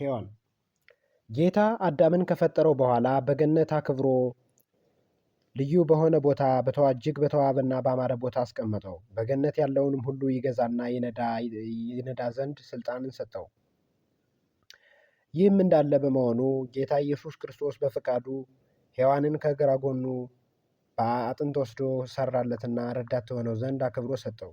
ሔዋን ጌታ አዳምን ከፈጠረው በኋላ በገነት አክብሮ ልዩ በሆነ ቦታ በተዋ እጅግ በተዋበና በአማረ ቦታ አስቀመጠው። በገነት ያለውንም ሁሉ ይገዛና ይነዳ ዘንድ ስልጣንን ሰጠው። ይህም እንዳለ በመሆኑ ጌታ ኢየሱስ ክርስቶስ በፈቃዱ ሔዋንን ከግራ ጎኑ በአጥንት ወስዶ ሰራለትና ረዳት ትሆነው ዘንድ አክብሮ ሰጠው።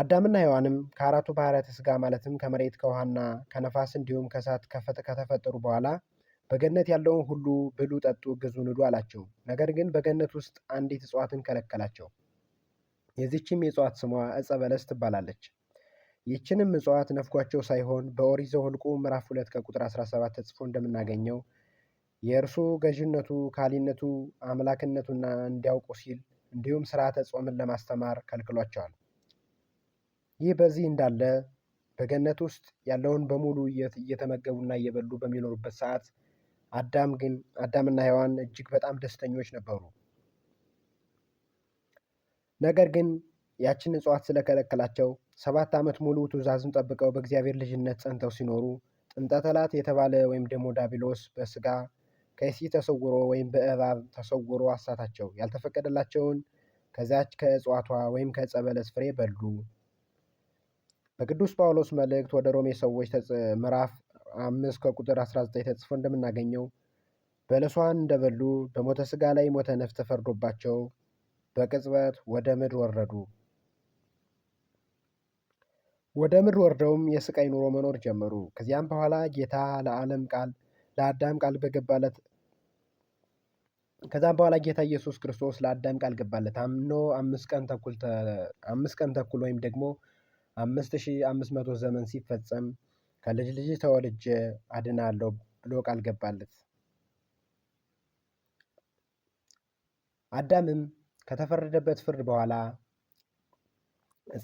አዳምና ሔዋንም ከአራቱ ባህርያተ ሥጋ ማለትም ከመሬት ከውሃና ከነፋስ እንዲሁም ከእሳት ከተፈጠሩ በኋላ በገነት ያለውን ሁሉ ብሉ፣ ጠጡ፣ ግዙ፣ ንዱ አላቸው። ነገር ግን በገነት ውስጥ አንዲት እጽዋትን ከለከላቸው። የዚችም የእጽዋት ስሟ እጸ በለስ ትባላለች። ይችንም እጽዋት ነፍጓቸው ሳይሆን በኦሪት ዘኍልቍ ምዕራፍ ሁለት ከቁጥር 17 ተጽፎ እንደምናገኘው የእርሱ ገዥነቱ ካሊነቱ አምላክነቱና እንዲያውቁ ሲል እንዲሁም ስርዓተ ጾምን ለማስተማር ከልክሏቸዋል። ይህ በዚህ እንዳለ በገነት ውስጥ ያለውን በሙሉ እየተመገቡና እየበሉ በሚኖሩበት ሰዓት አዳም ግን አዳምና ሔዋን እጅግ በጣም ደስተኞች ነበሩ። ነገር ግን ያችን እጽዋት ስለከለከላቸው ሰባት ዓመት ሙሉ ትእዛዝን ጠብቀው በእግዚአብሔር ልጅነት ጸንተው ሲኖሩ ጥንተ ጠላት የተባለ ወይም ደግሞ ዳቢሎስ በስጋ ከይሲ ተሰውሮ ወይም በእባብ ተሰውሮ አሳታቸው። ያልተፈቀደላቸውን ከዛች ከእጽዋቷ ወይም ከዕፀ በለስ ፍሬ በሉ። በቅዱስ ጳውሎስ መልእክት ወደ ሮሜ ሰዎች ምዕራፍ አምስት ከቁጥር 19 ተጽፎ እንደምናገኘው በለሷን እንደበሉ በሞተ ስጋ ላይ ሞተ ነፍስ ተፈርዶባቸው በቅጽበት ወደ ምድር ወረዱ። ወደ ምድር ወርደውም የስቃይ ኑሮ መኖር ጀመሩ። ከዚያም በኋላ ጌታ ለዓለም ቃል ለአዳም ቃል በገባለት ከዛም በኋላ ጌታ ኢየሱስ ክርስቶስ ለአዳም ቃል ገባለት። አምኖ አምስት ቀን ተኩል አምስት ቀን ተኩል ወይም ደግሞ አምስት ሺህ አምስት መቶ ዘመን ሲፈጸም ከልጅ ልጅ ተወልጄ አድናለሁ ብሎ ቃል ገባለት። አዳምም ከተፈረደበት ፍርድ በኋላ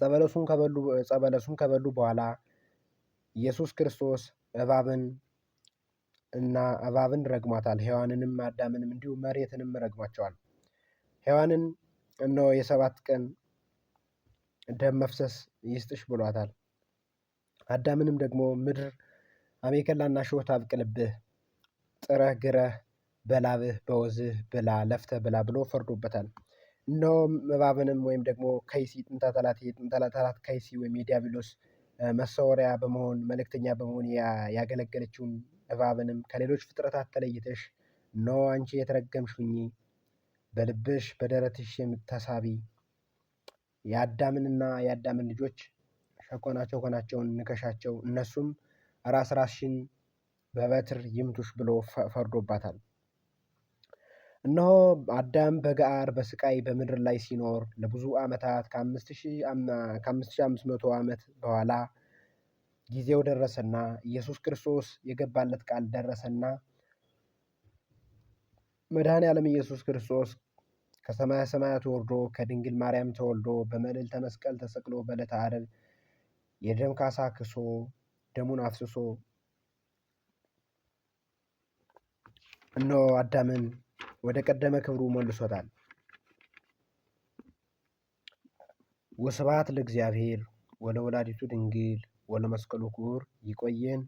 ጸበለሱን ከበሉ ጸበለሱን ከበሉ በኋላ ኢየሱስ ክርስቶስ እባብን እና እባብን ረግሟታል። ሔዋንንም አዳምንም እንዲሁም መሬትንም ረግሟቸዋል። ሔዋንን እነሆ የሰባት ቀን ደም መፍሰስ ይስጥሽ ብሏታል። አዳምንም ደግሞ ምድር አሜከላና ሾህ ታብቅልብህ፣ ጥረህ ግረህ በላብህ በወዝህ ብላ ለፍተህ ብላ ብሎ ፈርዶበታል። እነሆም እባብንም ወይም ደግሞ ከይሲ ጥንተ ጠላት የጥንተ ጠላት ከይሲ ወይም የዲያብሎስ መሰወሪያ በመሆን መልእክተኛ በመሆን ያገለገለችውን እባብንም ከሌሎች ፍጥረታት ተለይተሽ እነሆ አንቺ የተረገምሽ ሁኚ፣ በልብሽ በደረትሽ የምታሳቢ የአዳምንና የአዳምን ልጆች ሸኮናቸው ሸኮናቸውን ንከሻቸው፣ እነሱም ራስ ራስሽን በበትር ይምቱሽ ብሎ ፈርዶባታል። እነሆ አዳም በጋር በስቃይ በምድር ላይ ሲኖር ለብዙ ዓመታት ከአምስት ሺህ አምስት መቶ ዓመት በኋላ ጊዜው ደረሰና ኢየሱስ ክርስቶስ የገባለት ቃል ደረሰና መድኃኔ ዓለም ኢየሱስ ክርስቶስ ከሰማያ ሰማያት ወርዶ ከድንግል ማርያም ተወልዶ በመልዕልተ መስቀል ተሰቅሎ በዕለተ ዓርብ የደም ካሳ ክሶ ደሙን አፍስሶ እነሆ አዳምን ወደ ቀደመ ክብሩ መልሶታል። ወስብሐት ለእግዚአብሔር ወለወላዲቱ ድንግል ወለመስቀሉ ክቡር። ይቆየን።